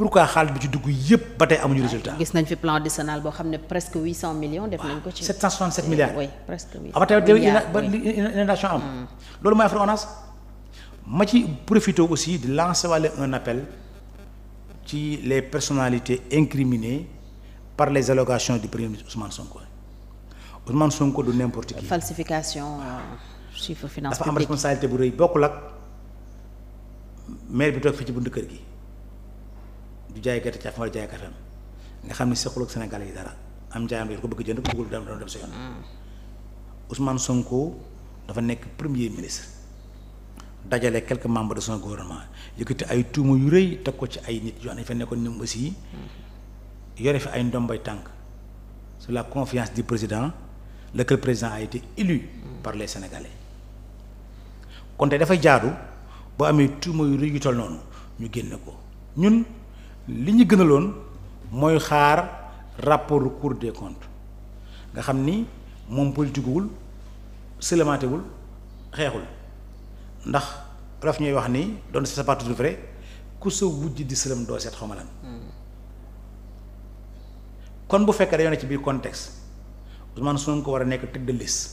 pourquoi xaalis bi ci dugg yëpp ba tey amuñu résultat. gis nañ fi plan décennal boo xam ne presque huit cent millions. def nañ ko ci 767 milliards. oui presque huit cent ah, milliards ba inondation am. Mm. loolu mooy affaire ONAS ma ci profité aussi di lancer wàlle un appel ci les personnalités incriminées par les allocations du premier ministre Ousmane Sonko Ousmane Sonko du n'importe qui. falsification euh, chiffre finance publique dafa am responsabilité bu rëy bokk ak maire bi toog fii ci buntu du jaay gerte caaf wala jaay katam nga xam ne sequl ak Sénégalais yi dara am njaayam dañ ko bëgg jënd bëggul dem doon dem sa yoon. Hmm. Ousmane Sonko dafa nekk premier ministre dajale quelque membre de son gouvernement yëkkati ay tuuma yu rëy teg ko ci ay nit yoo xam ne fa nekkoon ñoom aussi hmm. yore fi ay ndombay tànk sur la confiance di président lequel président a été élu hmm. par les Sénégalais kon tey dafay jaadu boo amee tuuma yu rëy yu toll noonu ñu génn ko li ñu gënaloon mooy xaar rapport cour de comptes nga xam ni moom politique wul xeexul ndax raf ñuy wax ni doon c'est pas tout vrai ku sa wujj di sëlëm doo seet xawma kon bu fekkee dañoo ne ci biir contexte Ousmane ko war a nekk tête de liste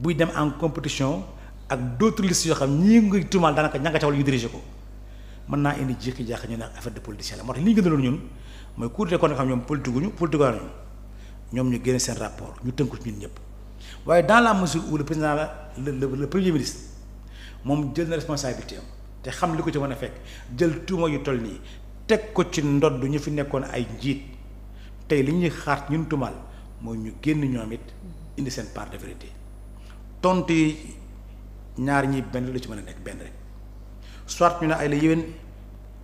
buy dem en compétition ak d'autres listes yoo xam ñii ngi tuumaal daanaka ña nga ca wala ko. mën naa indi jékki-jàkk ñu ne affaire de politicien la moo tax li ñu gën a loon ñun mooy cour des comptes nga xam ñoom politique ñu politique ñu ñoom ñu génne seen rapport ñu tënku ñun ñëpp waaye dans la mesure où le président la le le premier ministre moom jël na responsabilité am te xam li ko ci mën a fekk jël tuuma yu toll nii teg ko ci ndodd ñu fi nekkoon ay njiit tey li ñuy xaar ñun tumal mooy ñu génn ñoom it indi seen part de vérité tontu ñaar ñi benn la ci mën a nekk benn soit ñu ne ay la yéwén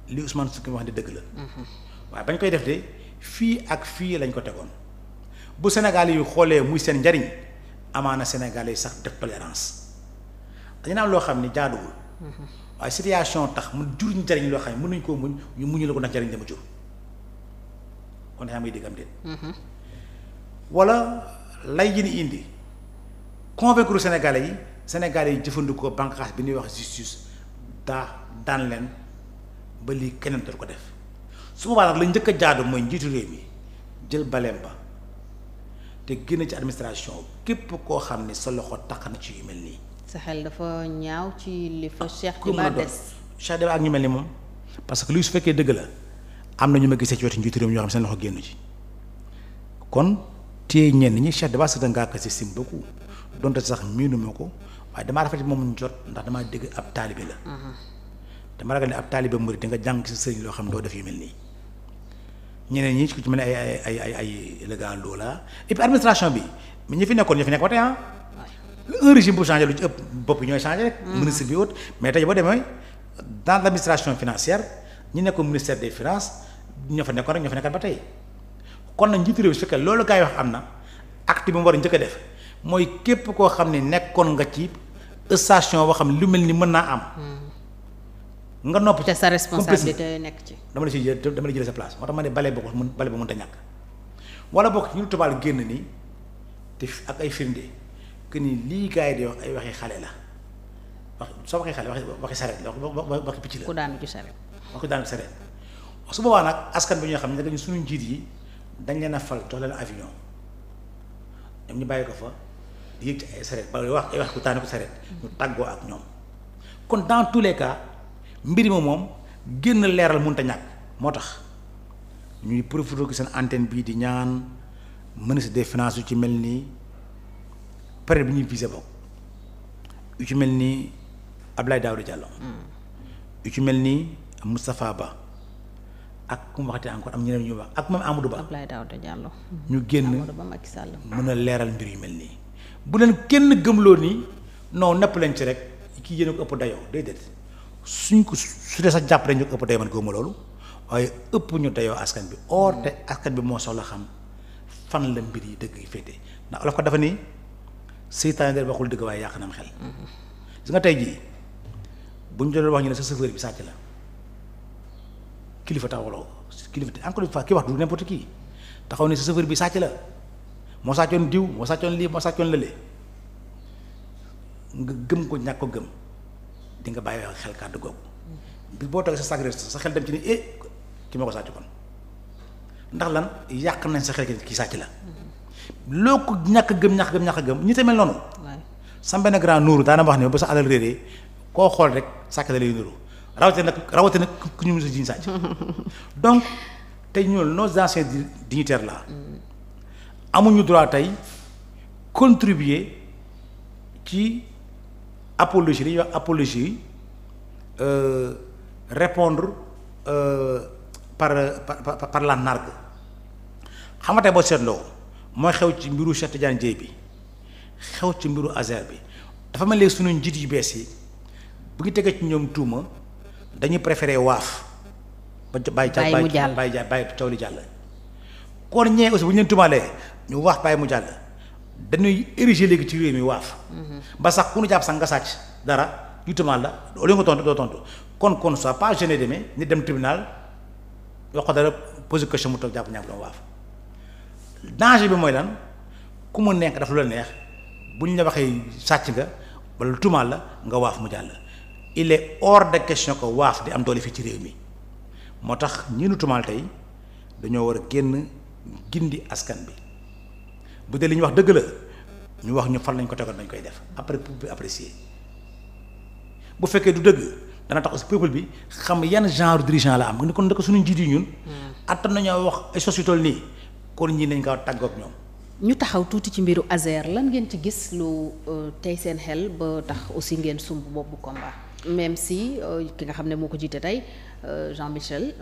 li Ousmane Sonko wax ne dëgg la. waaye bañ koy def de fii ak fii lañ ko tegoon bu Sénégal yi xoolee muy seen njariñ amaana Sénégal yi sax def tolérance dañu naan loo xam ni jaaduwul. waaye situation tax mu jur ñu njariñ loo xam ne mënuñ muñ la ko ndax njariñ dama jur kon yaa ngi dégg am déet. wala lay yi ni indi convaincre Sénégalais yi Sénégalais yi jëfandikoo bànqaas bi ñuy wax justice. daa daan leen ba lii keneen dootu ko def su boobaa nag la njëkk a jaadu mooy njiitu réew mi jël baleem ba te génn ci administration képp koo xam ne sa loxo taq na ci yu mel nii. sa xel dafa ñaaw ci li fa ah, Cheikh Diba des Cheikh Diba ak ñu mel ni moom parce que luy su fekkee dëgg la am na ñu ma gisee ci wetu njiitu réew mi ñoo xam ne seen loxo génn ci kon téye ñenn ñi Cheikh Diba c'est un gars qui ko donte sax miinu ko waaye damaa rafet moom jot ndax damaa dégg ab taalibe la mhm. dama ragal ne ab taalibe murid nga jàng ci sëriñ loo xam doo def yu mel nii ñeneen ñi ku ci mel ne ay ay ay ay élégant loola et administration bi mi ñu fi nekkoon ñu fi nekk ba tey ah. bu changé lu ci ëpp bopp yi ñooy changé rek mhm. mais tey boo demee dans l'administration financière ñi nekkoon ministère des finances ñoo fa nekkoon rek ba tey kon na njiitu réew su fekkee loolu gaa yi wax am na acte bi mu war a njëkk def mooy képp koo xam ne nekkoon nga ci station boo xam lu mel ni mën naa am. Hmm. nga nopp te sa responsabilité nekk ci. dama la ciy jël dama la jël sa place moo tax ma ne bale bokkul mun bale ba mënta ñàkk wala bokk ñu tubaal génn ni te ak ay firnde que ni lii gars yi di ay waxee xale la wax soo waxee xale waxi waxi sareet la wax waxi picc la. ku daanu ci sareet. wax ku daanu ci sareet su boobaa nag askan bi ñoo xam ne dañu suñu njiit yi dañ leen a fal jox leen avion ñoom ñu bàyyi ko fa. di yëg ci wax ku taane ko sareet ñu tàggoo ak ñoom kon dans tous les cas mbir ma moom génn leeral mënut a ñàkk moo tax ñuy profité ko seen bii di ñaan ministre des finances yu ci mel nii période bi ñuy visé bokk yu ci mel nii Abdoulaye Daouda Diallo yu ci mel nii Moustapha Ba ak ku mu waxatee encore am ñeneen ñu wax ak moom Amadou Ba Abdoulaye de Diallo ñu génn mën a leeral mbir yu mel nii bu leen kenn gëmloo nii non nepp leen ci rek kii yéen a ko ëpp dayoo déedéet suñ ko su dee sax jàpp nañ ñu ko ëpp dayoo man gëmuma loolu waaye ëpp ñu dayoo askan bi or te askan bi moo soxla xam fan la mbir yi dëgg yi féete ndax olof ko dafa ni seytaane der waxul dëgg waaye yàq na am xel. gis nga tey jii bu ñu doon wax ñu ne sa chauffeur bi sàcc la kilifa taxawaloo kilifa encore une fois ki wax du n'importe qui taxaw ne sa chauffeur bi sàcc la. moo sàccoon diw moo sàccoon lii moo sàccoon lële nga gëm ko ñàkk ko gëm di nga bàyyi xel kàddu googu bi boo toogee sa sacré sa xel dem ci ni eh ki ma ko sàcc kon ndax lan yàq nañ sa xel ki sàcc la loo ko ñàkk gëm ñàkk gëm ñàkk gëm ñi tamit noonu sa benn grand nuuru daana wax ne ba sa alal réeree koo xool rek sàcc la lay nuuru rawate nag rawate nag ku ñu mën sa jiñ sàcc donc tey ñoonu nos anciens dignitaires là mm. amuñu droit tey contribuer ci apologie li ñuy wax apologie euh, répondre euh, par par par, par la nargue xam nga tey boo seetloo mooy xew ci mbiru Cheikh Tidiane bi xew ci mbiru Azer bi dafa ma léegi suñu njiit yi bees yi bu ngi tegee ci ñoom tuuma dañuy préféré waaf. ba bàyyi mu jàll bàyyi bàyyi coow li jàll. kon ñee aussi bu ñu leen ñu waaf bàyyi mu jàll dañuy érigé léegi ci réew mi waaf. Mhm. ba sax ku ñu jàpp sax nga sàcc dara ñu tumaal la au lieu nga tontu doo tontu kon kon soit pas gêné demee ñu dem tribunal wax ko dara posé question mu toog jàpp ñaar doon waaf. danger bi mooy lan ku ma nekk daf lu la neex bu ñu la waxee sàcc nga wala tumaal la nga waaf mu jàll il est hors de question ko waaf di am doole fii ci réew mi moo tax ñi nu tumaal tey dañoo war a génn. gindi askan bi bu dee li ñu wax dëgg la ñu wax ñu fan lañ ko tegoon dañ koy def après pour bi apprécier bu fekkee du dëgg dana tax aussi bi xam yan genre dirigeant la am ni kon ndaka suñu njiit yi ñun. Hmm. attan nañoo wax ay sos yu toll nii nañ ko tàggoog ñoom. ñu taxaw tuuti ci mbiru Azer lan ngeen ci gis lu euh, tey seen xel ba tax aussi ngeen sumb boobu combat même si euh, ki nga xam ne moo ko jiite tey euh, Jean Michel